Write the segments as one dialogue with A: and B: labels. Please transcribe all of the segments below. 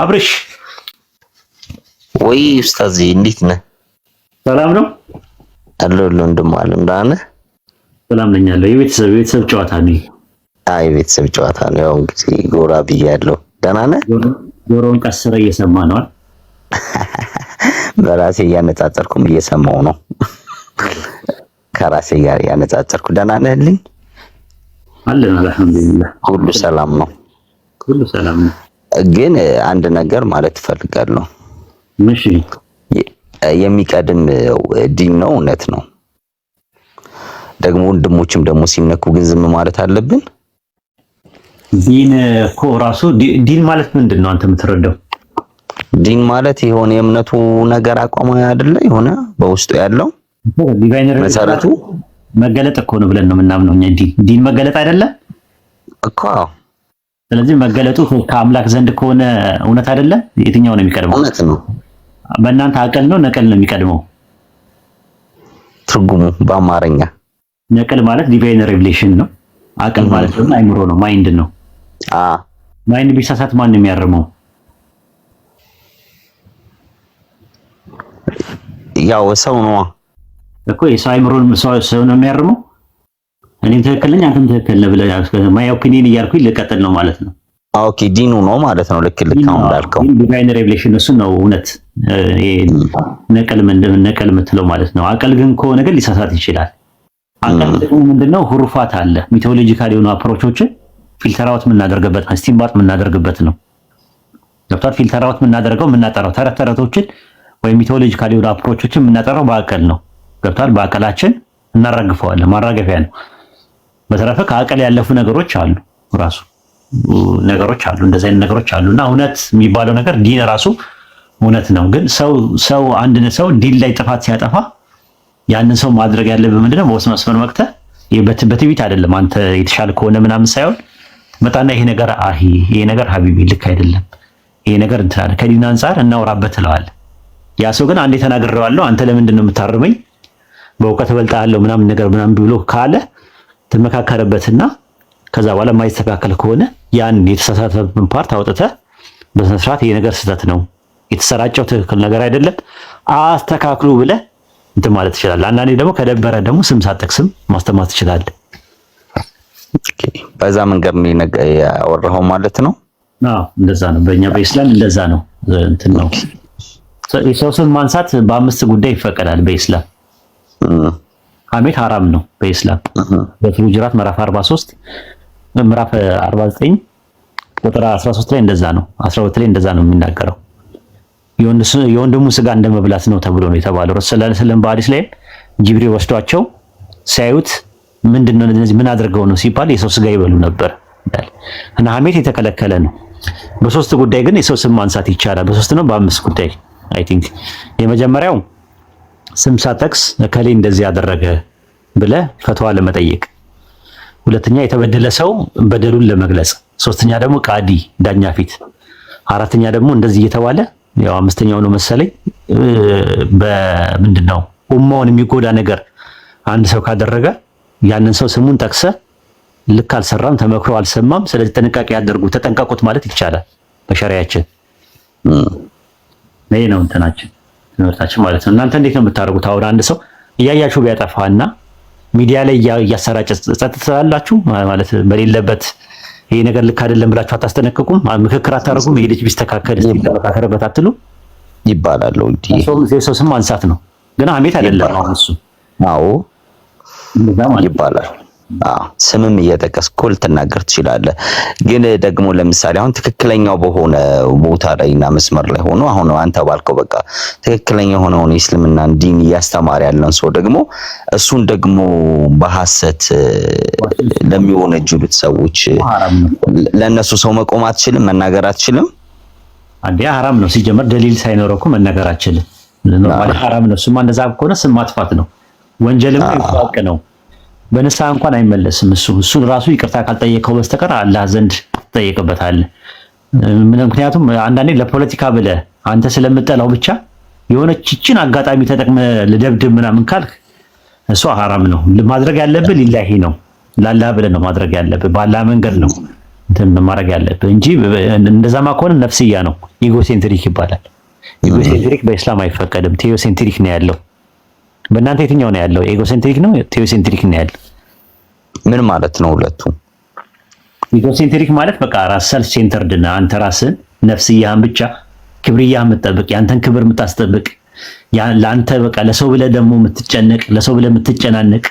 A: አብርሽ
B: ወይ ኡስታዝ እንዴት ነህ? ሰላም ነው አሎ ወንድም አለም ዳነ
A: ሰላም ነኝ አለው። የቤተሰብ የቤተሰብ ጨዋታ ነው።
B: አይ የቤተሰብ ጨዋታ ነው። ያው እንግዲህ ጎራ ብያለሁ። ደህና ነህ?
A: ጆሮውን ቀስረ እየሰማ ነው።
B: በራሴ እያነጻጸርኩም እየሰማው ነው። ከራሴ ጋር እያነጻጸርኩ። ደህና ነህልኝ?
A: አለን አልሐምዱሊላህ።
B: ሁሉ ሰላም ነው።
A: ሁሉ ሰላም ነው።
B: ግን አንድ ነገር ማለት እፈልጋለሁ። እሺ የሚቀድም ዲን ነው፣ እውነት ነው። ደግሞ ወንድሞችም ደግሞ ሲነኩ ግን ዝም ማለት አለብን?
A: ዲን እኮ ራሱ ዲን ማለት ምንድን ነው? አንተ የምትረዳው
B: ዲን ማለት የሆነ የእምነቱ ነገር አቋም አይደለ? የሆነ በውስጡ ያለው መሰረቱ
A: መገለጥ እኮ ነው ብለን ነው የምናምነው። ዲን መገለጥ አይደለም እኮ ስለዚህ መገለጡ ከአምላክ ዘንድ ከሆነ እውነት አይደለ? የትኛው ነው የሚቀድመው? እውነት ነው። በእናንተ አቀል ነው ነቀል ነው የሚቀድመው?
B: ትርጉሙ በአማርኛ
A: ነቀል ማለት ዲቫይን ሬቭሌሽን ነው። አቀል ማለት ደግሞ አይምሮ ነው፣ ማይንድ ነው። ማይንድ ቢሳሳት ማን ነው የሚያርመው?
B: ያው ሰው ነዋ
A: እኮ የሰው አይምሮ ሰው ነው የሚያርመው እኔም ትክክል ነኝ አንተም ትክክል ነህ ብለህ ማይ ኦፒኒየን እያልኩኝ ልቀጥል ነው ማለት ነው።
B: ኦኬ ዲኑ ነው ማለት ነው። ልክ ልክ አሁን እንዳልከው
A: ዲቫይን ሬቭሌሽን እሱ ነው እውነት ነቀል ነቀል የምትለው ማለት ነው። አቀል ግን ከሆነ ግን ሊሳሳት ይችላል። አቀል ደግሞ ምንድነው ሁሩፋት አለ ሚቶሎጂካል የሆኑ አፕሮቾችን ፊልተራውት የምናደርግበት ነው። ስቲምባጥ የምናደርግበት ነው። ገብቷል። ፊልተራውት የምናደርገው የምናጠራው ተረት ተረቶችን ወይም ሚቶሎጂካል የሆኑ አፕሮቾችን የምናጠራው በአቀል ነው። ገብቷል። በአቀላችን እናራግፈዋለን። ማራገፊያ ነው። በተረፈ ከአቅል ያለፉ ነገሮች አሉ ራሱ ነገሮች አሉ እንደዚህ አይነት ነገሮች አሉ እና እውነት የሚባለው ነገር ዲን ራሱ እውነት ነው። ግን ሰው ሰው አንድ ሰው ዲን ላይ ጥፋት ሲያጠፋ ያንን ሰው ማድረግ ያለብህ ምንድነው? በወስ መስመር ይበት በትዕቢት አይደለም አንተ የተሻለ ከሆነ ምናምን ሳይሆን መጣና ይሄ ነገር አሂ ይሄ ነገር ሀቢቢ ልክ አይደለም ይሄ ነገር እንትላለ ከዲን አንጻር እናውራበት ትለዋለህ። ያ ሰው ግን አንዴ ተናግሬዋለሁ አንተ ለምንድን ነው የምታርመኝ? በእውቀት እበልጥሃለሁ ምናምን ነገር ምናምን ብሎ ካለ ትመካከርበትና ከዛ በኋላ የማይስተካከል ከሆነ ያን የተሳሳተብን ፓርት አውጥተ በስነ ስርዓት ይሄ ነገር ስህተት ነው የተሰራጨው ትክክል ነገር አይደለም አስተካክሉ ብለ እንትን ማለት ትችላለህ። አንዳንዴ ደግሞ ከደበረ ደግሞ ስም ሳትጠቅስም ማስተማር ትችላለህ።
B: በዛ መንገድ ያወራኸው ማለት ነው።
A: እንደዛ ነው። በእኛ በኢስላም እንደዛ ነው። እንትን ነው የሰው ስም ማንሳት በአምስት ጉዳይ ይፈቀዳል በኢስላም ሐሜት ሐራም ነው በኢስላም በሱረቱል ምዕራፍ 43 ምዕራፍ 49 ቁጥር 13 ላይ እንደዛ ነው 12 ላይ እንደዛ ነው የሚናገረው። የወንድሙ ስጋ እንደመብላት ነው ተብሎ ነው የተባለው። ረሱል ሰለላሁ ዐለይሂ ወሰለም በሐዲስ ላይም ጅብሪል ወስዷቸው ሲያዩት ምንድነው እነዚህ ምን አድርገው ነው ሲባል የሰው ስጋ ይበሉ ነበር እና ሐሜት የተከለከለ ነው። በሶስት ጉዳይ ግን የሰው ስም ማንሳት ይቻላል። በሶስት ነው በአምስት ጉዳይ አይ ቲንክ የመጀመሪያው ስም ሳጠቅስ እከሌ እንደዚህ ያደረገ ብለ ፈትዋ ለመጠየቅ፣ ሁለተኛ የተበደለ ሰው በደሉን ለመግለጽ፣ ሶስተኛ ደግሞ ቃዲ ዳኛ ፊት፣ አራተኛ ደግሞ እንደዚህ እየተባለ ያው አምስተኛው ነው መሰለኝ በምንድን ነው ኡማውን የሚጎዳ ነገር አንድ ሰው ካደረገ ያንን ሰው ስሙን ጠቅሰ ልክ አልሰራም፣ ተመክሮ አልሰማም፣ ስለዚህ ጥንቃቄ ያደርጉ ተጠንቀቁት ማለት ይቻላል በሸሪያችን ይህ ነው እንትናችን ትምህርታችን ማለት ነው። እናንተ እንዴት ነው የምታደርጉት? አሁን አንድ ሰው እያያችሁ ቢያጠፋ እና ሚዲያ ላይ እያሰራጨ ጸጥ ትላላችሁ ማለት በሌለበት ይሄ ነገር ልክ አይደለም ብላችሁ አታስጠነቅቁም? ምክክር አታደርጉም? ይሄ ልጅ ቢስተካከል ተመካከረበት አትሉ ይባላል። እንግዲህ ሰው ስም ማንሳት ነው፣ ግን ሀሜት አይደለም። አሁን እሱ
B: አዎ ይባላል። ስምም እየጠቀስክ ልትናገር ትችላለህ። ግን ደግሞ ለምሳሌ አሁን ትክክለኛው በሆነ ቦታ ላይ እና መስመር ላይ ሆኖ አሁን አንተ ባልከው በቃ ትክክለኛ የሆነውን የእስልምና ዲን እያስተማረ ያለን ሰው ደግሞ እሱን ደግሞ በሐሰት ለሚወነጅሉት ሰዎች ለእነሱ ሰው መቆም አትችልም፣ መናገር አትችልም።
A: አንዴ ሐራም ነው ሲጀመር ደሊል ሳይኖረው እኮ መናገር አትችልም። ሐራም ነው እሱማ። እንደዛ ከሆነ ስም ማጥፋት ነው፣ ወንጀልም ነው፣ ነው ወንጀልም ነው በንስሐ እንኳን አይመለስም። እሱ እሱን ራሱ ይቅርታ ካልጠየቀው በስተቀር አላህ ዘንድ ትጠየቅበታለህ። ምክንያቱም አንዳንዴ ለፖለቲካ ብለህ አንተ ስለምጠላው ብቻ የሆነች ይችን አጋጣሚ ተጠቅመህ ልደብድብ ምናምን ካልክ እሱ ሐራም ነው። ማድረግ ያለብህ ሊላሂ ነው፣ ላላህ ብለህ ነው ማድረግ ያለብህ። ባላህ መንገድ ነው እንትን ማድረግ ያለብህ እንጂ እንደዛማ ከሆነ ነፍስያ ነው፣ ኢጎሴንትሪክ ይባላል። ኢጎሴንትሪክ በኢስላም አይፈቀድም። ቴዮሴንትሪክ ነው ያለው። በእናንተ የትኛው ነው ያለው? ኢጎሴንትሪክ ነው ቴዮሴንትሪክ ነው ያለው?
B: ምን ማለት ነው? ሁለቱ
A: ኢጎሴንትሪክ ማለት በቃ ራስ ሰልፍ ሴንተርድ ነህ አንተ ራስህን ነፍስያህን ብቻ ክብርያ የምትጠብቅ ያንተን ክብር የምታስጠብቅ ለአንተ በቃ ለሰው ብለህ ደግሞ የምትጨነቅ ለሰው ብለህ የምትጨናነቅ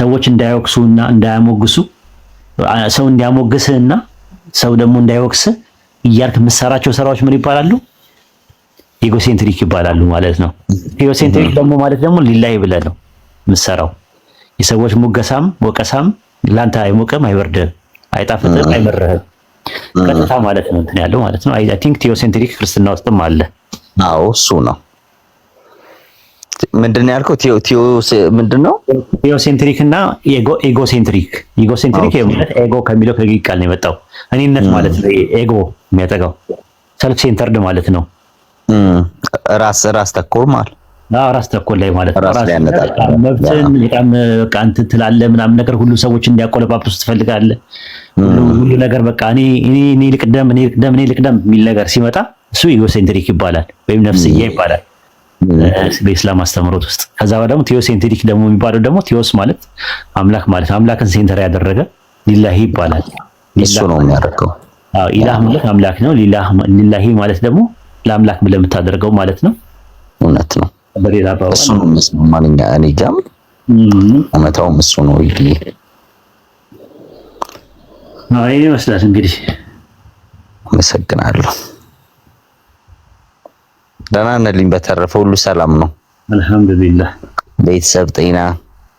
A: ሰዎች እንዳይወቅሱና እንዳያሞግሱ ሰው እንዲያሞግስህና ሰው ደግሞ እንዳይወቅስህ እያልክ የምትሰራቸው ስራዎች ምን ይባላሉ? ኢጎሴንትሪክ ይባላሉ ማለት ነው። ኢጎሴንትሪክ ደግሞ ማለት ደግሞ ሊላይ ብለህ ነው የምትሰራው የሰዎች ሙገሳም ወቀሳም ለአንተ አይሞቅም፣ አይበርድህም፣ አይጣፍጥም፣ አይመረህም። ቀጥታ ማለት ነው እንትን ያለው ማለት ነው። አይ ቲንክ ቴዎሴንትሪክ ክርስትና ውስጥም አለ።
B: አዎ እሱ ነው። ምንድን ያልከው ምንድን
A: ነው? ቴዎሴንትሪክ እና ኤጎሴንትሪክ። ኢጎሴንትሪክ ማለት ኤጎ ከሚለው ከግሪክ ቃል ነው የመጣው እኔነት ማለት ነው። ኤጎ የሚያጠቃው ሰልፍ ሴንተርድ ማለት ነው።
B: ራስ ራስ ተኮር ማለት
A: ራስ ተኮል ላይ ማለት ነው። መብትን በጣም በቃ እንትን ትላለህ ምናምን ነገር ሁሉ ሰዎች እንዲያቆለባብሱ ትፈልጋለህ። ሁሉ ነገር በቃ እኔ እኔ ልቅደም እኔ ልቅደም እኔ ልቅደም የሚል ነገር ሲመጣ እሱ ኢጎሴንትሪክ ይባላል ወይም ነፍስያ ይባላል በኢስላም አስተምሮት ውስጥ። ከዛ ደግሞ ቴዎሴንትሪክ ደግሞ የሚባለው ደግሞ ቴዎስ ማለት አምላክ ማለት አምላክን ሴንተር ያደረገ ሊላሂ ይባላል።
B: እሱ ነው የሚያደርገው።
A: ኢላህ ማለት አምላክ ነው። ሊላሂ ማለት ደግሞ ለአምላክ ብለህ የምታደርገው ማለት ነው።
B: እውነት ነው። በሌላ እሱ ነው የሚስማማኝ እኔ ጋም እውነታውም እሱ ነው። ይሄ
A: አይ ይመስላል እንግዲህ።
B: አመሰግናለሁ። ደህና ነልኝ። በተረፈ ሁሉ ሰላም ነው
A: አልሐምዱሊላህ።
B: ቤተሰብ ጤና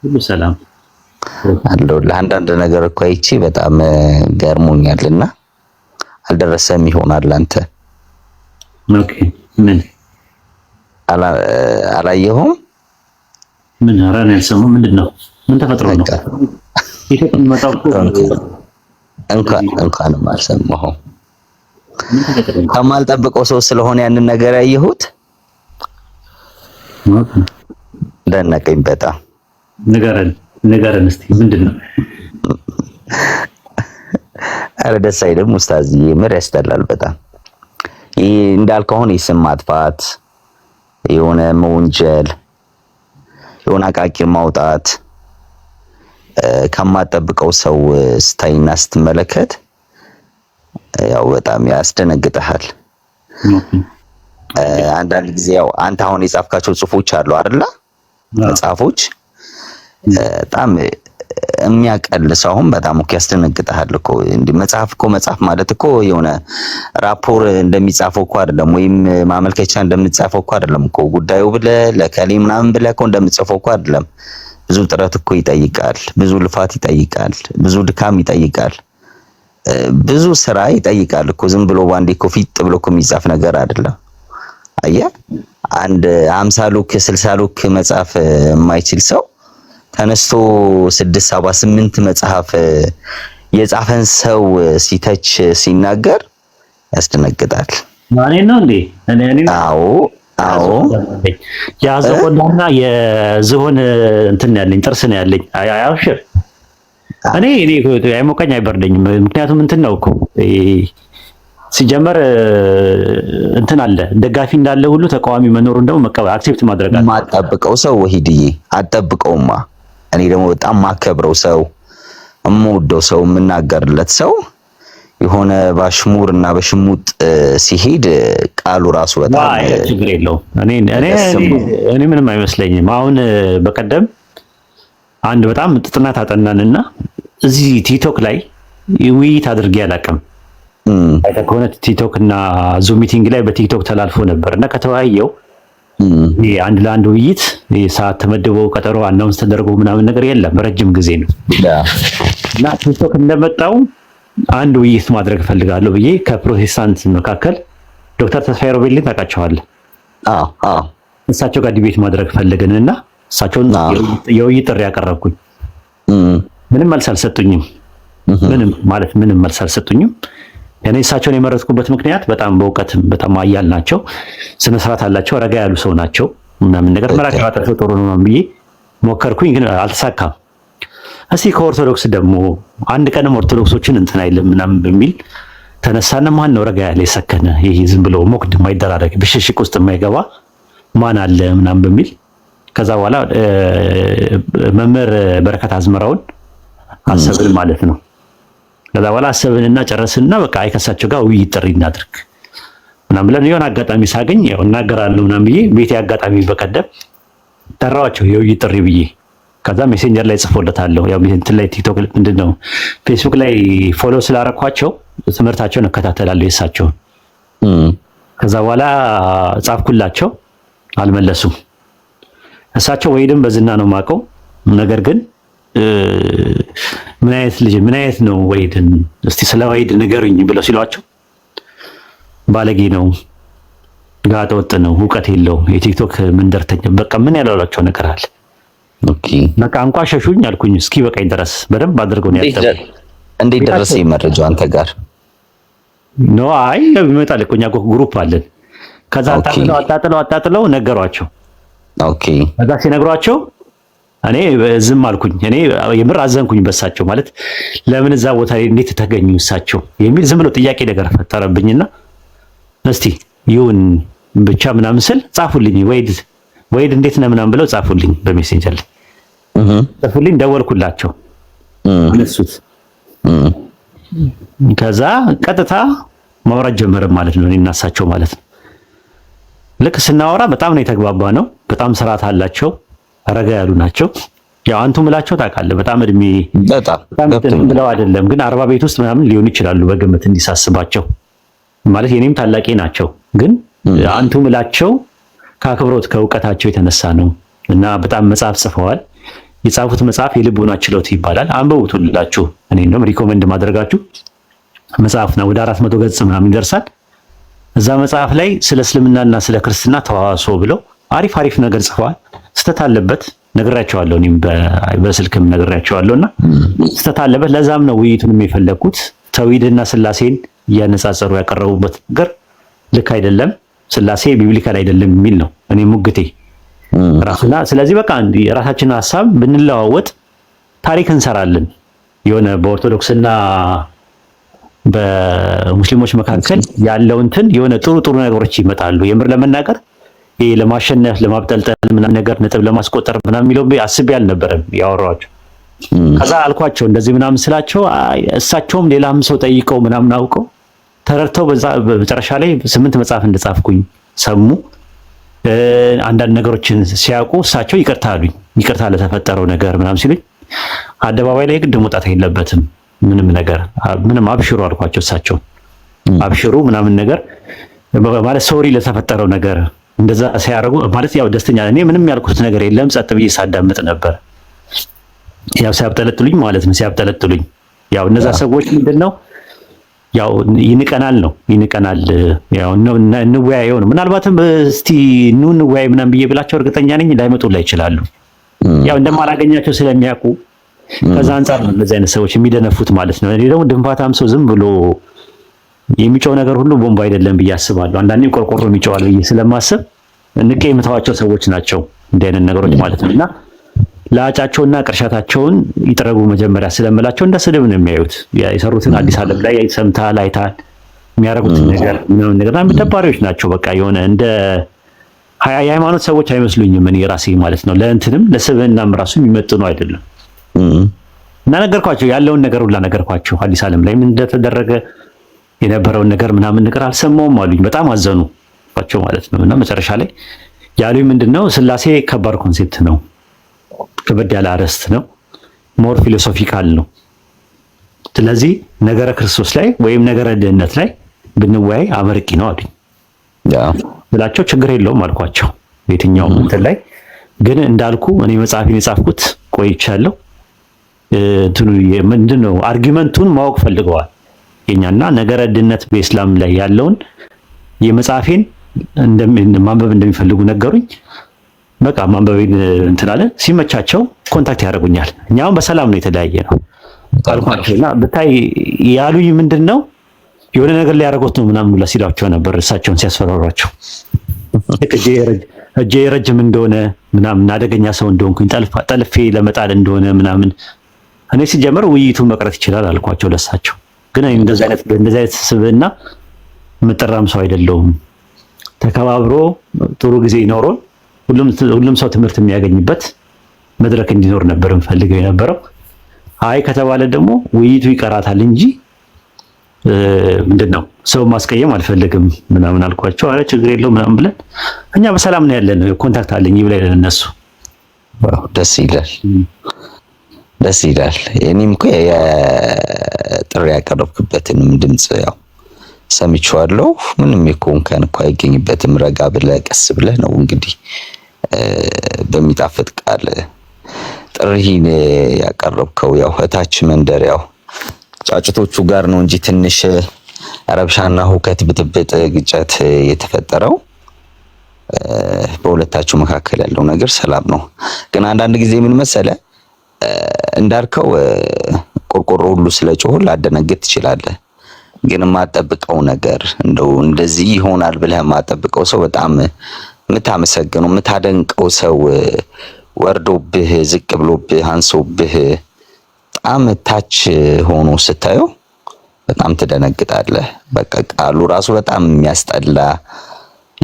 B: ሁሉ ሰላም አለው። ለአንዳንድ ነገር እኮ አይቼ በጣም ገርሞኛልና አልደረሰም ይሆናል አንተ ኦኬ ምን አላየሁም።
A: ምን ኧረ እኔ ምንድን ነው? ምን ተፈጥሮ ነው?
B: እንኳንም አልሰማሁም። ከማልጠብቀው ሰው ስለሆነ ያንን ነገር ያየሁት ደነቀኝ በጣም።
A: ንገረን ንገረን እስቲ ምንድን ነው?
B: ኧረ ደስ አይልም ኡስታዝ፣ ምር ያስጠላል በጣም ይህ እንዳልከሆነ የስም ማጥፋት የሆነ መወንጀል የሆነ አቃቂ ማውጣት ከማጠብቀው ሰው ስታይና ስትመለከት ያው በጣም ያስደነግጠሃል። አንዳንድ ጊዜ ያው አንተ አሁን የጻፍካቸው ጽሁፎች አሉ አይደለ? መጽሐፎች በጣም የሚያቀል ሰው አሁን በጣም እኮ ያስደነግጠሃል እኮ እንዲህ መጽሐፍ እኮ መጽሐፍ ማለት እኮ የሆነ ራፖር እንደሚጻፈው እኮ አይደለም፣ ወይም ማመልከቻ እንደምጻፈው እኮ አይደለም እኮ ጉዳዩ ብለህ ለከሌ ምናምን ብለህ እኮ እንደምጽፈው እኮ አይደለም። ብዙ ጥረት እኮ ይጠይቃል፣ ብዙ ልፋት ይጠይቃል፣ ብዙ ድካም ይጠይቃል፣ ብዙ ስራ ይጠይቃል እኮ ዝም ብሎ ባንዴ እኮ ፊጥ ብሎ እኮ የሚጻፍ ነገር አይደለም። አየህ አንድ ሀምሳ ሉክ ስልሳ ሉክ መጽሐፍ የማይችል ሰው ተነስቶ 678 መጽሐፍ የጻፈን ሰው ሲተች ሲናገር ያስደነግጣል። ማኔ ነው እንዴ? እኔ አዎ አዎ።
A: የአዘቆላና የዝሆን እንትን ያለኝ ጥርስ ነው ያለኝ። አያውሽር እኔ እኔ አይሞቀኝ አይበርደኝም። ምክንያቱም እንትን ነው እኮ ሲጀመር እንትን አለ ደጋፊ እንዳለ ሁሉ ተቃዋሚ መኖሩን ደግሞ መቀበል አክሴፕት ማድረግ
B: አለ። ማጠብቀው ሰው ወሂድዬ አጠብቀውማ እኔ ደግሞ በጣም ማከብረው ሰው የምወደው ሰው የምናገርለት ሰው የሆነ ባሽሙር እና በሽሙጥ ሲሄድ ቃሉ ራሱ
A: በጣም ችግር የለውም። እኔ ምንም አይመስለኝም። አሁን በቀደም አንድ በጣም ጥናት አጠናንና እዚህ ቲክቶክ ላይ ውይይት አድርጌ አላውቅም ከሆነ ቲክቶክ እና ዙም ሚቲንግ ላይ በቲክቶክ ተላልፎ ነበር እና ከተወያየው አንድ ለአንድ ውይይት ሰዓት ተመድበው ቀጠሮ አናውንስ ተደርጎ ምናምን ነገር የለም። ረጅም ጊዜ ነው እና ቲክቶክ እንደመጣው አንድ ውይይት ማድረግ እፈልጋለሁ ብዬ ከፕሮቴስታንት መካከል ዶክተር ተስፋዬ ሮቤሌ ታውቃቸዋለህ? እሳቸው ጋር ዲቤት ማድረግ ፈልግን እና እሳቸውን የውይይት ጥሪ ያቀረብኩኝ ምንም መልስ አልሰጡኝም። ምንም ማለት ምንም መልስ አልሰጡኝም። እኔ እሳቸውን የመረጥኩበት ምክንያት በጣም በእውቀትም በጣም አያል ናቸው፣ ስነስርዓት አላቸው፣ ረጋ ያሉ ሰው ናቸው ምናምን ነገር መራቅ ባጠፈ ጥሩ ነው ብዬ ሞከርኩኝ፣ ግን አልተሳካም። እስኪ ከኦርቶዶክስ ደግሞ አንድ ቀንም ኦርቶዶክሶችን እንትን አይልም ምናምን በሚል ተነሳና ማን ነው ረጋ ያለ የሰከነ ይህ ዝም ብሎ ሞክድ የማይደራረግ ብሽሽቅ ውስጥ የማይገባ ማን አለ ምናምን በሚል ከዛ በኋላ መምህር በረከት አዝመራውን አሰብን ማለት ነው ከዛ በኋላ አሰብንና ጨረስንና በቃ አይከሳቸው ጋር ውይይት ጥሪ እናድርግ ምናምን ብለን የሆነ አጋጣሚ ሳገኝ እናገራለሁ ምናምን ብዬ ቤቴ አጋጣሚ በቀደም ጠራዋቸው የውይይት ጥሪ ብዬ ከዛ ሜሴንጀር ላይ ጽፎለታለሁ። ያው እንትን ላይ ቲክቶክ ምንድን ነው ፌስቡክ ላይ ፎሎ ስላረኳቸው ትምህርታቸውን እከታተላለሁ የሳቸውን። ከዛ በኋላ ጻፍኩላቸው፣ አልመለሱም። እሳቸው ወይንም በዝና ነው የማውቀው ነገር ግን ምን አይነት ልጅ ምን አይነት ነው ወሒድን እስቲ ስለ ወሒድ ንገሩኝ ብለው ሲሏቸው ባለጌ ነው፣ ጋጠወጥ ነው፣ እውቀት የለውም፣ የቲክቶክ መንደርተኛ በቃ ምን ያላሏቸው ነገር አለ። በቃ ሸሹኝ አልኩኝ። እስኪ በቃኝ ድረስ በደንብ አድርገው ነው ያጠ
B: እንዴት ደረሰ መረጃው አንተ ጋር
A: ኖ አይ ይመጣል እኮ እኛ ግሩፕ አለን። ከዛ አጣጥለው አጣጥለው አጣጥለው ነገሯቸው። ኦኬ ከዛ ሲነግሯቸው እኔ ዝም አልኩኝ። እኔ የምር አዘንኩኝ በሳቸው ማለት ለምን እዛ ቦታ ላይ እንዴት ተገኙ እሳቸው የሚል ዝም ብሎ ጥያቄ ነገር ፈጠረብኝና እስቲ ይሁን ብቻ ምናምን ስል ጻፉልኝ፣ ወይድ ወይድ እንዴት ነው ምናምን ብለው ጻፉልኝ፣ በሜሴንጀር ላይ ጻፉልኝ። ደወልኩላቸው እነሱት ከዛ ቀጥታ ማውራት ጀመረ ማለት ነው፣ እናሳቸው ማለት ነው። ልክ ስናወራ በጣም ነው የተግባባ ነው። በጣም ስርዓት አላቸው። ረጋ ያሉ ናቸው። ያው አንቱ ምላቸው ታውቃለህ፣ በጣም እድሜ በጣም ብለው አይደለም ግን አርባ ቤት ውስጥ ምናምን ሊሆን ይችላሉ። በግምት እንዲሳስባቸው ማለት የኔም ታላቄ ናቸው። ግን አንቱ ምላቸው ከአክብሮት ከእውቀታቸው የተነሳ ነው እና በጣም መጽሐፍ ጽፈዋል። የጻፉት መጽሐፍ የልቦና ችሎት ይባላል። አንብቡት ሁላችሁ። እኔ እንደውም ሪኮመንድ ማድረጋችሁ መጽሐፍ ነው። ወደ አራት መቶ ገጽ ምናምን ይደርሳል። እዛ መጽሐፍ ላይ ስለ እስልምናና ስለ ክርስትና ተዋሶ ብለው አሪፍ አሪፍ ነገር ጽፈዋል። ስተት አለበት ነግራቸዋለሁ። እኔም በስልክም ነግራቸዋለሁ እና ስተት አለበት። ለዛም ነው ውይይቱን የፈለግኩት። ተውሂድና ስላሴን እያነጻጸሩ ያቀረቡበት ነገር ልክ አይደለም፣ ስላሴ ቢብሊካል አይደለም የሚል ነው እኔ ሙግቴ ራሱና። ስለዚህ በቃ የራሳችንን ሀሳብ ብንለዋወጥ ታሪክ እንሰራለን። የሆነ በኦርቶዶክስና በሙስሊሞች መካከል ያለውንትን የሆነ ጥሩ ጥሩ ነገሮች ይመጣሉ። የምር ለመናገር ለማሸነፍ ለማብጠልጠል ምናምን ነገር ነጥብ ለማስቆጠር ምናምን የሚለው አስቤ አልነበረም ያወራኋቸው። ከዛ አልኳቸው እንደዚህ ምናምን ስላቸው እሳቸውም ሌላም ሰው ጠይቀው ምናምን አውቀው ተረድተው በዛ ላይ ስምንት መጽሐፍ እንደጻፍኩኝ ሰሙ። አንዳንድ ነገሮችን ሲያውቁ እሳቸው ይቅርታ አሉኝ። ይቅርታ ለተፈጠረው ነገር ምናምን ሲሉኝ አደባባይ ላይ ግድ መውጣት የለበትም ምንም ነገር ምንም አብሽሩ አልኳቸው። እሳቸው አብሽሩ ምናምን ነገር ማለት ሶሪ ለተፈጠረው ነገር እንደዛ ሲያደርጉ ማለት ያው ደስተኛ እኔ ምንም ያልኩት ነገር የለም፣ ጸጥ ብዬ ሳዳምጥ ነበር። ያው ሲያብጠለጥሉኝ ማለት ነው፣ ሲያብጠለጥሉኝ ያው እነዛ ሰዎች ምንድን ነው ያው ይንቀናል ነው ይንቀናል። ያው እንወያየው ነው ምናልባትም እስቲ ኑ እንወያይ ምናምን ብዬ ብላቸው እርግጠኛ ነኝ ላይመጡ ላይ ይችላሉ። ያው እንደማላገኛቸው ስለሚያውቁ ከዛ አንጻር ነው እነዚህ አይነት ሰዎች የሚደነፉት ማለት ነው። እኔ ደግሞ ድንፋታም ሰው ዝም ብሎ የሚጮው ነገር ሁሉ ቦምብ አይደለም ብዬ አስባለሁ። አንዳንዴም ቆርቆሮ የሚጮዋል ብዬ ስለማስብ ንቄ የምተዋቸው ሰዎች ናቸው እንዲህ አይነት ነገሮች ማለት ነው እና ለአጫቸውና ቅርሻታቸውን ይጥረጉ መጀመሪያ ስለምላቸው እንደ ስድብ ነው የሚያዩት። የሰሩትን አዲስ ዓለም ላይ ሰምተሃል፣ ላይታ የሚያደርጉትን ነገር ምናምን ነገር ደባሪዎች ናቸው። በቃ የሆነ እንደ የሃይማኖት ሰዎች አይመስሉኝም እኔ ራሴ ማለት ነው። ለእንትንም ለስብዕናም ራሱ የሚመጥኑ አይደለም እና ነገርኳቸው፣ ያለውን ነገር ሁላ ነገርኳቸው። አዲስ ዓለም ላይ ምን እንደተደረገ የነበረውን ነገር ምናምን ነገር አልሰማውም አሉኝ። በጣም አዘኑ ቸው ማለት ነው። እና መጨረሻ ላይ ያሉኝ ምንድን ነው ስላሴ ከባድ ኮንሴፕት ነው፣ ከበድ ያለ አርዕስት ነው፣ ሞር ፊሎሶፊካል ነው። ስለዚህ ነገረ ክርስቶስ ላይ ወይም ነገረ ድህነት ላይ ብንወያይ አመርቂ ነው አሉኝ ብላቸው ችግር የለውም አልኳቸው። የትኛው እንትን ላይ ግን እንዳልኩ እኔ መጽሐፊን የጻፍኩት ቆይቻለሁ። ምንድን ነው አርጊመንቱን ማወቅ ፈልገዋል ይገኛልና ነገረ ድነት በኢስላም ላይ ያለውን የመጽሐፌን ማንበብ እንደሚፈልጉ ነገሩኝ። በቃ ማንበቤን እንትናለ ሲመቻቸው ኮንታክት ያደርጉኛል። እኛም በሰላም ነው የተለያየ ነው እና ብታይ ያሉኝ ምንድን ነው የሆነ ነገር ሊያደርጉት ነው ምናምን ብላ ሲሏቸው ነበር። እሳቸውን ሲያስፈራሯቸው እጄ ረጅም እንደሆነ ምናምን አደገኛ ሰው እንደሆንኩኝ ጠልፌ ለመጣል እንደሆነ ምናምን እኔ ሲጀመር ውይይቱን መቅረት ይችላል አልኳቸው ለእሳቸው ግን እንደዚህ አይነት እንደዚህ አይነት ስብዕና የምጠራም ሰው አይደለሁም። ተከባብሮ ጥሩ ጊዜ ይኖረን ሁሉም ሰው ትምህርት የሚያገኝበት መድረክ እንዲኖር ነበር የምፈልገው የነበረው። አይ ከተባለ ደግሞ ውይይቱ ይቀራታል እንጂ ምንድን ነው ሰው ማስቀየም አልፈልግም ምናምን አልኳቸው። አረ ችግር የለው ምናምን ብለን እኛ በሰላም ነው ያለን። ኮንታክት አለኝ ብላ ለነሱ
B: ደስ ይላል። ደስ ይላል። እኔም እኮ የጥሪ ያቀረብክበትንም ድምፅ ያው ሰምቼዋለሁ። ምንም እኮ እንከን እኮ አይገኝበትም። ረጋ ብለህ ቀስ ብለህ ነው እንግዲህ በሚጣፍጥ ቃል ጥሪህን ያቀረብከው። ያው እታች መንደር ያው ጫጭቶቹ ጋር ነው እንጂ ትንሽ ረብሻና ሁከት፣ ብጥብጥ፣ ግጭት የተፈጠረው በሁለታችሁ መካከል ያለው ነገር ሰላም ነው። ግን አንዳንድ ጊዜ ምን መሰለህ እንዳልከው ቆርቆሮ ሁሉ ስለጮሆ ጮህ ላደነግጥ ትችላለህ። ግን የማጠብቀው ነገር እንደው እንደዚህ ይሆናል ብለህ የማጠብቀው ሰው በጣም የምታመሰግነው የምታደንቀው ሰው ወርዶብህ ዝቅ ብሎብህ አንሶብህ በጣም ታች ሆኖ ስታየው በጣም ትደነግጣለህ። በቃ ቃሉ ራሱ በጣም የሚያስጠላ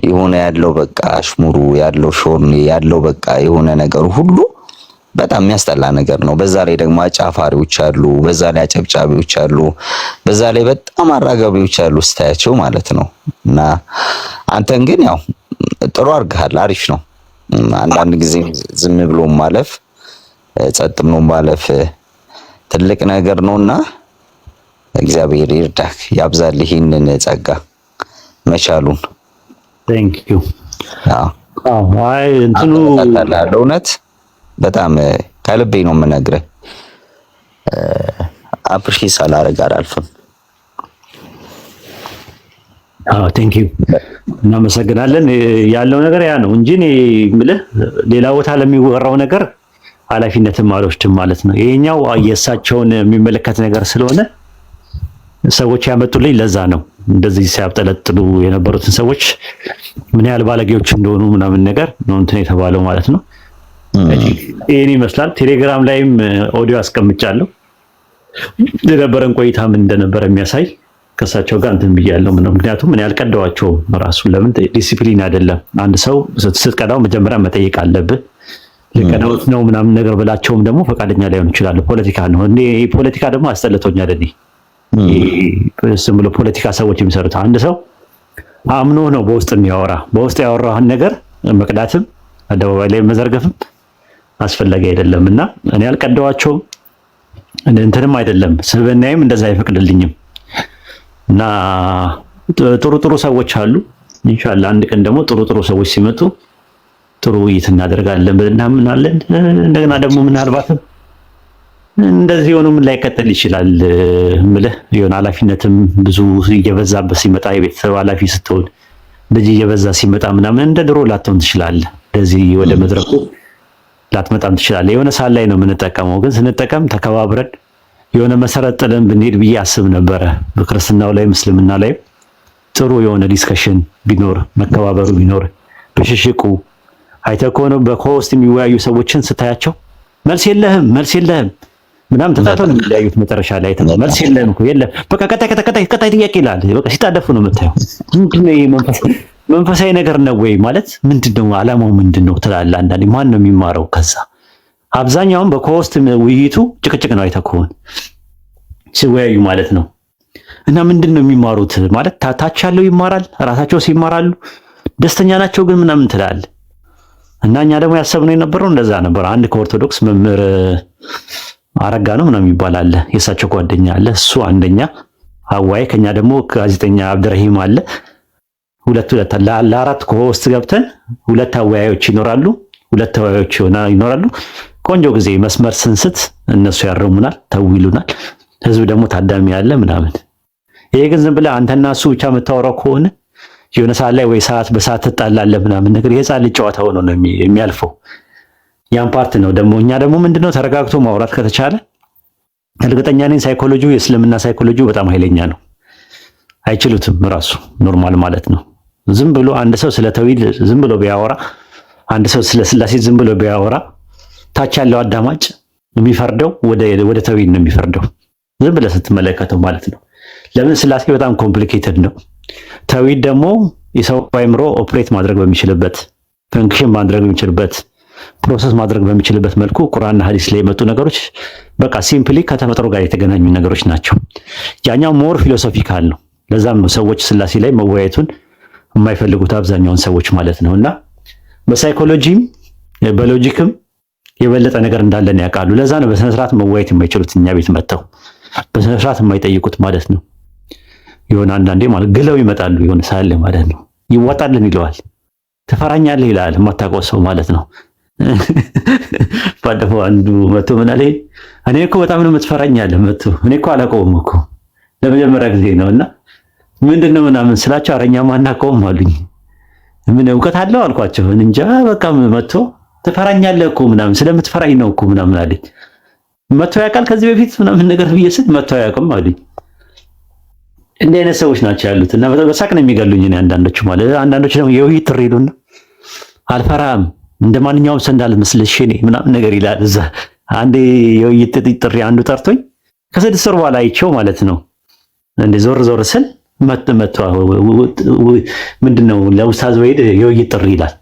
B: የሆነ ያለው በቃ አሽሙሩ ያለው ሾርኔ ያለው በቃ የሆነ ነገሩ ሁሉ በጣም የሚያስጠላ ነገር ነው። በዛ ላይ ደግሞ አጫፋሪዎች አሉ፣ በዛ ላይ አጨብጫቢዎች አሉ፣ በዛ ላይ በጣም አራጋቢዎች አሉ ስታያቸው ማለት ነው። እና አንተን ግን ያው ጥሩ አድርገሃል፣ አሪፍ ነው። አንዳንድ ጊዜ ዝም ብሎ ማለፍ ጸጥ ብሎ ማለፍ ትልቅ ነገር ነውና እግዚአብሔር ይርዳክ፣ ያብዛል ይህንን ጸጋ መቻሉን። ቴንክ ዩ አዎ
A: አይ እንትኑ
B: እውነት በጣም ከልቤ ነው የምነግርህ። አፕሪሼት ሳላደርግ አላልፍም።
A: አዎ ቴንክ ዩ እናመሰግናለን። ያለው ነገር ያ ነው እንጂ እኔ የምልህ ሌላ ቦታ ለሚወራው ነገር ኃላፊነትም አልወስድም ማለት ነው። ይሄኛው የእሳቸውን የሚመለከት ነገር ስለሆነ ሰዎች ያመጡልኝ ለዛ ነው እንደዚህ ሲያብጠለጥሉ የነበሩትን ሰዎች ምን ያህል ባለጌዎች እንደሆኑ ምናምን ነገር ነው እንትን የተባለው ማለት ነው። ይህን ይመስላል። ቴሌግራም ላይም ኦዲዮ አስቀምጫለሁ። የነበረን ቆይታ ምን እንደነበረ የሚያሳይ ከእሳቸው ጋር እንትን ብያለሁ። ምክንያቱም እኔ አልቀዳዋቸውም። ራሱ ለምን ዲሲፕሊን አይደለም። አንድ ሰው ስትቀዳው መጀመሪያ መጠየቅ አለብህ። ልቀዳውት ነው ምናምን ነገር ብላቸውም ደግሞ ፈቃደኛ ላይሆን ይችላሉ። ፖለቲካ ነው። ፖለቲካ ደግሞ አስጠልቶኛል። እኔ ዝም ብሎ ፖለቲካ ሰዎች የሚሰሩት አንድ ሰው አምኖ ነው በውስጥ የሚያወራ በውስጥ ያወራህን ነገር መቅዳትም አደባባይ ላይ መዘርገፍም አስፈላጊ አይደለም እና እኔ አልቀደዋቸውም እንትንም አይደለም ስብናዬም እንደዛ አይፈቅድልኝም እና ጥሩ ጥሩ ሰዎች አሉ። ኢንሻአላህ አንድ ቀን ደግሞ ጥሩ ጥሩ ሰዎች ሲመጡ ጥሩ ውይይት እናደርጋለን ብለን እናምናለን። እንደገና ደግሞ ምናልባትም እንደዚህ ምን ላይቀጥል ይችላል ምልህ የሆነ ኃላፊነትም ብዙ እየበዛበት ሲመጣ የቤተሰብ ኃላፊ ስትሆን ልጅ እየበዛ ሲመጣ ምናምን እንደ ድሮ ላትሆን ትችላለህ። እንደዚህ ወደ መድረኩ ላትመጣም ትችላለህ። የሆነ ሰዓት ላይ ነው የምንጠቀመው፣ ግን ስንጠቀም ተከባብረን የሆነ መሰረት ጥለን ብንሄድ ብዬ አስብ ነበረ። በክርስትናው ላይ ምስልምና ላይ ጥሩ የሆነ ዲስከሽን ቢኖር መከባበሩ ቢኖር ብሽሽቁ አይተህ ከሆነ በኮስት የሚወያዩ ሰዎችን ስታያቸው መልስ የለህም መልስ የለህም ምናምን ተጣጥተው ነው የሚለያዩት። መጨረሻ ላይ አይተህ መልስ የለህም እኮ የለህም በቃ ቀጣይ ቀጣይ ቀጣይ ጥያቄ ይላል። በቃ ሲጣደፉ ነው የምታየው። ምንድን ነው ይሄ መንፈስ መንፈሳዊ ነገር ነው ወይ ማለት ምንድን ነው? ዓላማው ምንድን ነው ትላለህ። አንዳንዴ ማን ነው የሚማረው? ከዛ አብዛኛውን በኮስት ውይይቱ ጭቅጭቅ ነው። አይተህ ከሆነ ሲወያዩ ማለት ነው። እና ምንድን ነው የሚማሩት ማለት ታች ያለው ይማራል፣ ራሳቸው ይማራሉ፣ ደስተኛ ናቸው ግን ምናምን ትላለህ። እና እኛ ደግሞ ያሰብነው የነበረው እንደዛ ነበር። አንድ ከኦርቶዶክስ መምህር አረጋ ነው ምናምን ይባላል የእሳቸው ጓደኛ አለ። እሱ አንደኛ አዋይ፣ ከኛ ደግሞ ጋዜጠኛ አብድረሂም አለ ሁለት ሁለት ለአራት ከሆስት ገብተን ሁለት አወያዮች ይኖራሉ። ሁለት አወያዮች ይኖራሉ። ቆንጆ ጊዜ መስመር ስንስት እነሱ ያረሙናል፣ ተው ይሉናል። ህዝብ ደግሞ ታዳሚ ያለ ምናምን። ይሄ ግን ዝም ብለህ አንተና እሱ ብቻ የምታወራው ከሆነ የሆነ ሰዓት ላይ ወይ ሰዓት በሰዓት ትጣላለህ ምናምን ነገር የህፃን ልጅ ጨዋታ ሆኖ ነው የሚያልፈው። ያን ፓርት ነው ደግሞ እኛ ደግሞ ምንድነው ተረጋግቶ ማውራት ከተቻለ እርግጠኛ ነኝ ሳይኮሎጂው የእስልምና ሳይኮሎጂው በጣም ኃይለኛ ነው። አይችሉትም ራሱ ኖርማል ማለት ነው። ዝም ብሎ አንድ ሰው ስለ ተውሂድ ዝም ብሎ ቢያወራ፣ አንድ ሰው ስለ ስላሴ ዝም ብሎ ቢያወራ ታች ያለው አዳማጭ የሚፈርደው ወደ ተውሂድ ነው የሚፈርደው፣ ዝም ብለህ ስትመለከተው ማለት ነው። ለምን ስላሴ በጣም ኮምፕሊኬትድ ነው። ተውሂድ ደግሞ የሰው አይምሮ ኦፕሬት ማድረግ በሚችልበት ፈንክሽን ማድረግ በሚችልበት ፕሮሰስ ማድረግ በሚችልበት መልኩ ቁርአንና ሐዲስ ላይ የመጡ ነገሮች በቃ ሲምፕሊ ከተፈጥሮ ጋር የተገናኙ ነገሮች ናቸው። ያኛው ሞር ፊሎሶፊካል ነው። ለዛም ነው ሰዎች ስላሴ ላይ መወያየቱን የማይፈልጉት አብዛኛውን ሰዎች ማለት ነው። እና በሳይኮሎጂም በሎጂክም የበለጠ ነገር እንዳለን ያውቃሉ። ለዛ ነው በስነስርዓት መዋየት የማይችሉት እኛ ቤት መጥተው በስነስርዓት የማይጠይቁት ማለት ነው። የሆነ አንዳንዴ ማለት ግለው ይመጣሉ የሆነ ሳለ ማለት ነው። ይዋጣልን ይለዋል። ትፈራኛለህ ይላል የማታውቀው ሰው ማለት ነው። ባለፈው አንዱ መቶ ምን እኔ እኮ በጣም ነው የምትፈራኛለህ መቶ እኔ እኮ አላውቀውም እኮ ለመጀመሪያ ጊዜ ነው እና ምንድን ነው ምናምን ስላቸው አረኛ ማናቀውም አሉኝ። ምን እውቀት አለው አልኳቸው። እንጃ በቃ መጥቶ ትፈራኛለህ እኮ ምናምን ስለምትፈራኝ ነው እኮ ምናምን አለኝ። መጥቶ ያውቃል ከዚህ በፊት ምናምን ነገር ብዬ ስል መጥቶ አያውቅም አሉኝ። እንዲህ አይነት ሰዎች ናቸው ያሉት እና በሳቅ ነው የሚገሉኝ። እኔ አንዳንዶቹ ማለት አንዳንዶቹ ደግሞ የውይይት ጥሪ ይሉና አልፈራም እንደ ማንኛውም ሰው እንዳልመስልሽ እኔ ምናምን ነገር ይላል። እዛ አንዴ የውይይት ጥሪ አንዱ ጠርቶኝ ከስድስት ወር በኋላ አይቼው ማለት ነው እንደ ዞር ዞር ስል ምንድን ነው ለውሳዝ ወይድ የውይይት ጥሪ ይላል።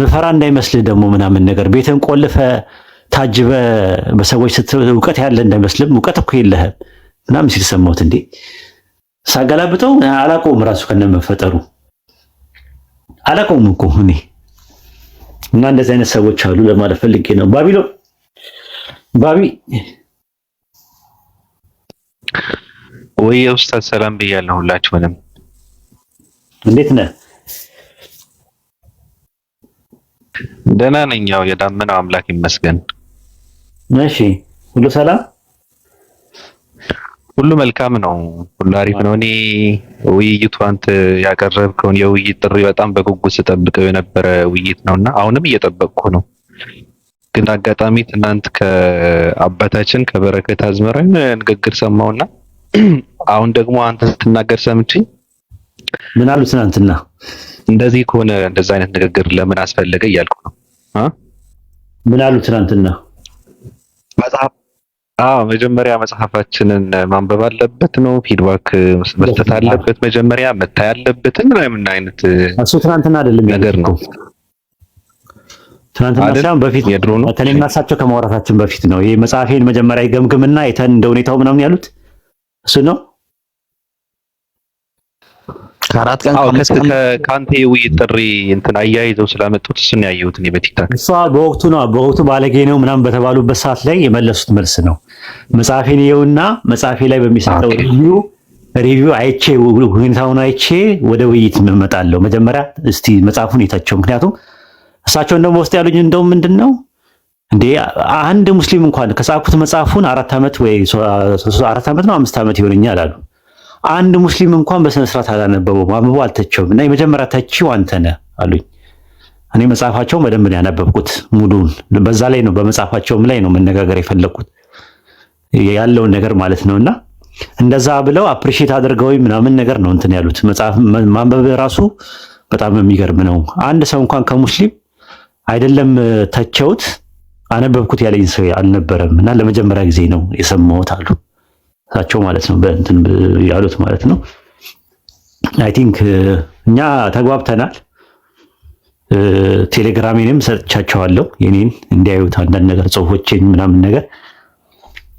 A: መፈራ እንዳይመስልህ ደግሞ ምናምን ነገር ቤትን ቆልፈ ታጅበ በሰዎች እውቀት ያለ እንዳይመስልም እውቀት እኮ የለህም ምናምን ሲል ሰማሁት። እንዴ ሳገላብጠው አላውቀውም ራሱ መፈጠሩ አላቀውም እኮ እኔ እና እንደዚህ አይነት ሰዎች አሉ ለማለት ፈልጌ ነው። ባቢሎን ባቢ
B: ወይ ኡስታዝ ሰላም ብያለሁ ሁላችሁንም። እንዴት ነህ? ደህና ነኝ። ያው የዳመናው አምላክ ይመስገን።
A: እሺ፣ ሁሉ ሰላም፣
B: ሁሉ መልካም ነው፣ ሁሉ አሪፍ ነው። እኔ ውይይቱ አንተ ያቀረብከውን የውይይት ጥሪ በጣም በጉጉት ስጠብቀው የነበረ ውይይት ነውና አሁንም እየጠበቅኩ ነው። ግን አጋጣሚ ትናንት ከአባታችን ከበረከት አዝመራን ንግግር ሰማውና አሁን ደግሞ አንተ ስትናገር ሰምቼ
A: ምን አሉ ትናንትና
B: እንደዚህ ከሆነ እንደዛ አይነት ንግግር ለምን አስፈለገ እያልኩ ነው
A: እ ምን አሉ ትናንትና
B: መጽሐፍ አዎ መጀመሪያ መጽሐፋችንን ማንበብ አለበት ነው ፊድባክ መስጠት አለበት መጀመሪያ መታይ አለበት ምናምን አይነት
A: እሱ ትናንትና አይደለም ነገር ነው ትናንትና ሳይሆን በፊት የድሮ ነው እኔና እሳቸው ከማውራታችን በፊት ነው ይሄ መጽሐፌን መጀመሪያ ይገምግምና የተን እንደ ሁኔታው ምናምን ያሉት እሱ ነው።
B: ከአራት ቀን ከአንተ የውይይት ጥሪ እንትን አያይዘው ስላመጡት ነው ያየሁት እኔ በቲክታክ
A: እሷ በወቅቱ ነው በወቅቱ ባለጌ ነው ምናምን በተባሉበት ሰዓት ላይ የመለሱት መልስ ነው። መጽሐፌን ይኸውና መጽሐፌ ላይ በሚሰጠው ሪቪው ሪቪው አይቼ ሁኔታውን አይቼ ወደ ውይይት እመጣለሁ። መጀመሪያ እስቲ መጽሐፉን የታቸው ምክንያቱም እሳቸውን ደግሞ ውስጥ ያሉኝ እንደውም ምንድን ነው እንዴ አንድ ሙስሊም እንኳን ከጻፍኩት መጽሐፉን አራት ዓመት ወይ አራት ዓመት ነው አምስት ዓመት ይሆንኛል አሉ። አንድ ሙስሊም እንኳን በስነ ስርዓት አላነበበውም፣ አንብቦ አልተቸውም። እና የመጀመሪያ ተቺው አንተ ነህ አሉኝ። እኔ መጽሐፋቸውን በደንብ ነው ያነበብኩት ሙሉውን። በዛ ላይ ነው በመጽሐፋቸውም ላይ ነው መነጋገር የፈለግኩት ያለውን ነገር ማለት ነውና እንደዛ ብለው አፕሪሺየት አድርገው ምናምን ነገር ነው እንትን ያሉት። መጽሐፍ ማንበብ ራሱ በጣም የሚገርም ነው። አንድ ሰው እንኳን ከሙስሊም አይደለም ተቸውት አነበብኩት ያለኝ ሰው አልነበረም እና ለመጀመሪያ ጊዜ ነው የሰማሁት አሉ እሳቸው ማለት ነው በእንትን ያሉት ማለት ነው። አይ ቲንክ እኛ ተግባብተናል። ቴሌግራሜንም ሰጥቻቸዋለሁ የኔን እንዲያዩት አንዳንድ ነገር ጽሁፎችን ምናምን ነገር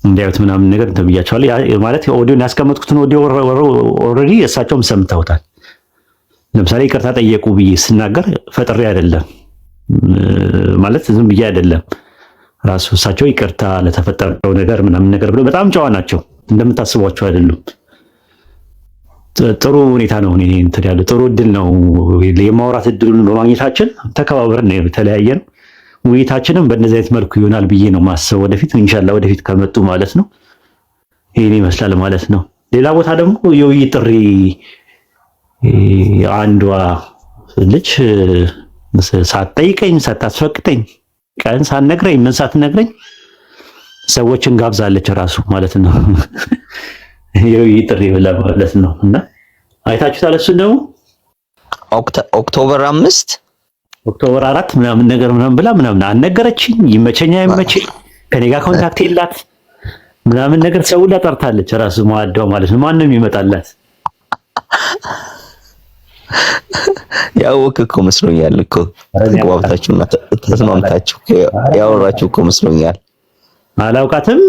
A: እንዲያዩት ምናምን ነገር እንትን ብያቸዋለሁ። ማለት ኦዲዮን ያስቀመጥኩትን ኦዲዮ ኦልሬዲ እሳቸውም ሰምተውታል። ለምሳሌ ይቅርታ ጠየቁ ብዬ ስናገር ፈጥሬ አይደለም ማለት ዝም ብዬ አይደለም ራሱ እሳቸው ይቅርታ ለተፈጠረው ነገር ምናምን ነገር ብለው በጣም ጨዋ ናቸው። እንደምታስቧቸው አይደሉም። ጥሩ ሁኔታ ነው። እኔ እንትን ጥሩ እድል ነው የማውራት እድሉን በማግኘታችን ተከባብረን ነው የተለያየ ነው። ውይይታችንም በእነዚህ አይነት መልኩ ይሆናል ብዬ ነው ማሰብ። ወደፊት እንሻላ ወደፊት ከመጡ ማለት ነው። ይህን ይመስላል ማለት ነው። ሌላ ቦታ ደግሞ የውይይት ጥሪ አንዷ ልጅ ሳትጠይቀኝ ሳታስፈቅደኝ ቀን ሳትነግረኝ ምን ሳትነግረኝ ሰዎችን ጋብዛለች ራሱ ማለት ነው። የውይይት ጥሪ ብላ ማለት ነው። እና አይታችሁታል። እሱን ደግሞ
B: ኦክቶበር አምስት
A: ኦክቶበር አራት ምናምን ነገር ምናምን ብላ ምናምን አልነገረችኝ። ይመቸኛ ይመቸኝ ከኔ ጋር ኮንታክት የላት ምናምን ነገር ሰው ሁላ ጠርታለች ራሱ መዋደው ማለት ነው። ማንም ይመጣላት
B: ያወቅህ እኮ መስሎኛል እኮ ተግባብታችሁ ተስማምታችሁ ያወራችሁ እኮ መስሎኛል።
A: አላውቃትም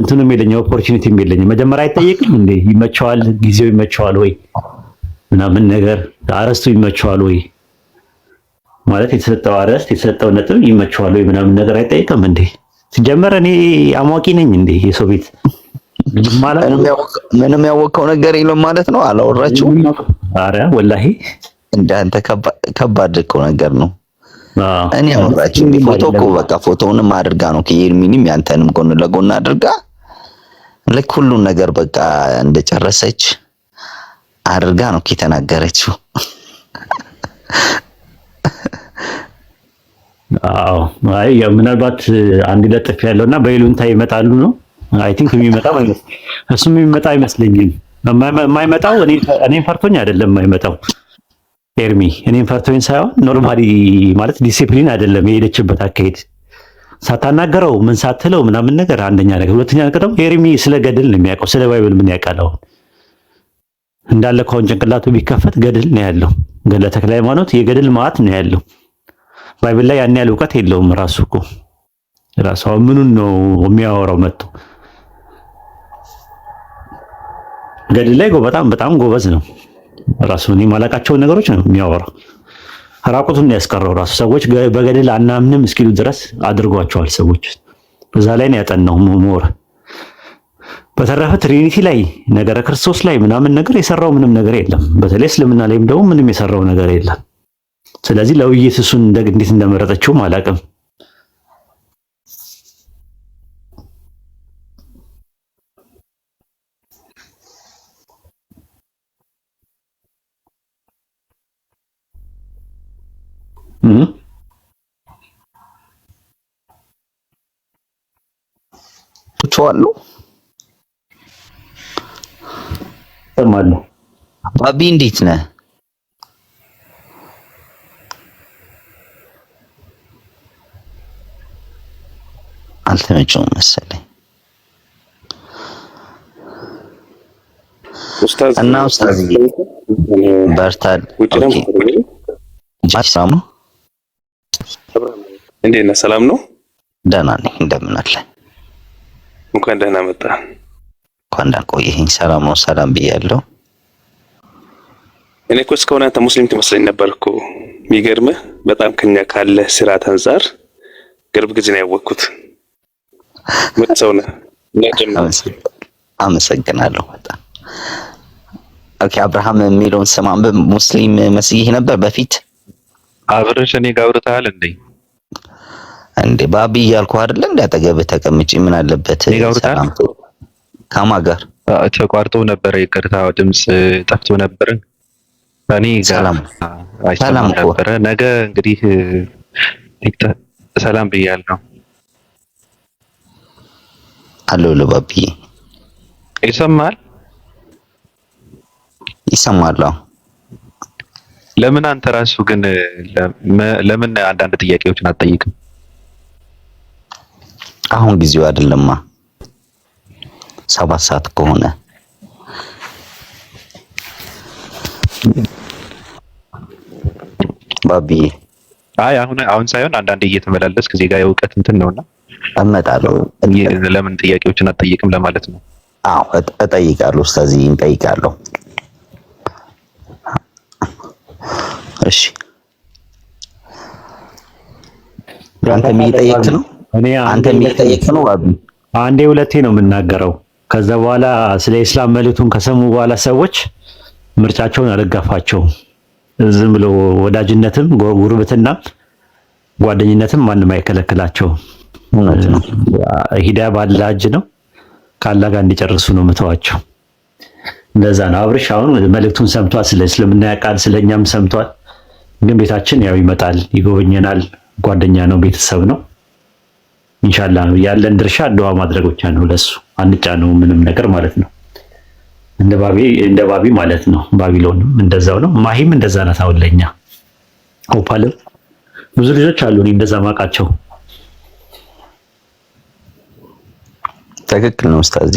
A: እንትኑ የለኝም ኦፖርቹኒቲ የለኝም። መጀመሪያ አይጠየቅም እንዴ ይመቸዋል፣ ጊዜው ይመቸዋል ወይ ምናምን ነገር አረስቱ ይመቸዋል ወይ ማለት የተሰጠው አረስት የተሰጠው ነጥብ ይመቸዋል ወይ ምናምን ነገር አይጠይቅም እንዴ? ሲጀመር እኔ አሟቂ ነኝ እንዴ የሰው ቤት
B: ምንም ያወቀው ነገር የለም ማለት ነው። አላወራችሁ? ኧረ ወላሂ እንዳንተ ከባድ እኮ ነገር ነው። እኔ አወራችሁ ፎቶ እኮ በቃ ፎቶውንም አድርጋ ነው ከየርሚኒም ያንተንም ጎን ለጎን አድርጋ ልክ ሁሉን ነገር በቃ እንደጨረሰች አድርጋ ነው የተናገረችው።
A: አዎ አይ ምናልባት አንድ ለጥፍ ያለውና በይሉንታ ይመጣሉ ነው አይ ቲንክ የሚመጣ ማለት እሱ የሚመጣ አይመስለኝም። የማይመጣው እኔን ፈርቶኝ አይደለም የማይመጣው ኤርሚ፣ እኔን ፈርቶኝ ሳይሆን ኖርማሊ ማለት ዲሲፕሊን አይደለም የሄደችበት አካሄድ ሳታናገረው ምን ሳትለው ምናምን ነገር አንደኛ ነገር፣ ሁለተኛ ነገር ደግሞ ኤርሚ ስለ ገድል ነው የሚያውቀው። ስለ ባይብል ምን ያውቃል? አሁን እንዳለ ከሆን ጭንቅላቱ ቢከፈት ገድል ነው ያለው። ገድለ ተክለ ሃይማኖት የገድል ማዕት ነው ያለው። ባይብል ላይ ያን ያህል እውቀት የለውም ራሱ እኮ ራሱ። አሁን ምኑን ነው የሚያወራው መጥቶ ገድል ላይ በጣም በጣም ጎበዝ ነው። ራሱ እኔ ማላቃቸውን ነገሮች ነው የሚያወራው። ራቁቱን ያስቀረው ራሱ ሰዎች በገድል አናምንም እስኪሉ ድረስ አድርጓቸዋል ሰዎች። በዛ ላይ ነው ያጠናው ሞር። በተረፈ ትሪኒቲ ላይ ነገረ ክርስቶስ ላይ ምናምን ነገር የሰራው ምንም ነገር የለም። በተለይ እስልምና ላይም ደግሞ ምንም የሰራው ነገር የለም። ስለዚህ ለውይይት እሱን እንዴት እንደመረጠችውም አላውቅም። ሰምቸዋለሁ።
B: ሰማለሁ። ባቢ እንዴት ነህ? አልተመቸውም መሰለኝ። ኡስታዝ እና ኡስታዝ በርታል። ኦኬ ሰላም ነው?
A: ደህና ነኝ። እንደምን አለ
B: እንኳን ደህና መጣ። እንኳን ደህና ቆየኝ። ሰላም ሰላም ብያለሁ። እኔ እኮ እስከሆነ አንተ ሙስሊም ትመስለኝ ነበር እኮ። የሚገርምህ በጣም ከኛ ካለ ስርዓት አንጻር ቅርብ ጊዜ ነው ያወቅኩት። ምርጥ ሰው ነህ። አመሰግናለሁ በጣም ኦኬ። አብርሃም የሚለውን ስም ሙስሊም መስይህ ነበር በፊት አብረሽ እኔ ጋር አውርተሃል እንዴ? እንዴ ባቢ እያልኩ አይደለ እንዴ አጠገብህ ተቀምጪ ምን አለበት ከማ ጋር ተቋርጦ ነበረ ይቅርታ ድምፅ ጠፍቶ ነበር እኔ ሰላም ሰላም ነበረ ነገ እንግዲህ ሰላም ብያለሁ አሎ ለባቢ ይሰማል ይሰማል ለምን አንተ ራሱ ግን ለምን አንዳንድ ጥያቄዎችን አትጠይቅም አሁን ጊዜው አይደለማ። ሰባት ሰዓት ከሆነ ባቢ አይ አሁን አሁን ሳይሆን አንዳንዴ እየተመላለስ ጊዜ ጋር የእውቀት እንትን ነውና እመጣለሁ። ለምን ጥያቄዎችን አትጠይቅም ለማለት ነው። አዎ እጠይቃለሁ፣ ኡስታዝዬ እንጠይቃለሁ። እሺ፣
A: አንተ የሚጠየቅ ነው እኔ አንተ የሚጠየቅ ነው አቢ አንዴ ሁለቴ ነው የምናገረው። ከዛ በኋላ ስለ ኢስላም መልእክቱን ከሰሙ በኋላ ሰዎች ምርጫቸውን አልጋፋቸውም። ዝም ብሎ ወዳጅነትም ጉርብትና ጓደኝነትም ማንም አይከለክላቸውም። ሂዳ ባላ እጅ ነው። ካላ ጋር እንዲጨርሱ ነው ምተዋቸው። እንደዛ ነው። አብርሽ አሁን መልእክቱን ሰምቷል፣ ስለ እስልምና ያውቃል፣ ስለኛም ሰምቷል። ግን ቤታችን ያው ይመጣል፣ ይጎበኘናል። ጓደኛ ነው፣ ቤተሰብ ነው። ኢንሻላ ነው ያለን ድርሻ ዱዓ ማድረግ ብቻ ነው። ለሱ አንጫ ነው ምንም ነገር ማለት ነው። እንደ ባቢ እንደ ባቢ ማለት ነው። ባቢሎን እንደዛው ነው። ማሂም እንደዛ ናት። አሁን ለኛ ኦፓልም ብዙ ልጆች አሉ እንደዛ ማቃቸው
B: ትክክል ነው ኡስታዝ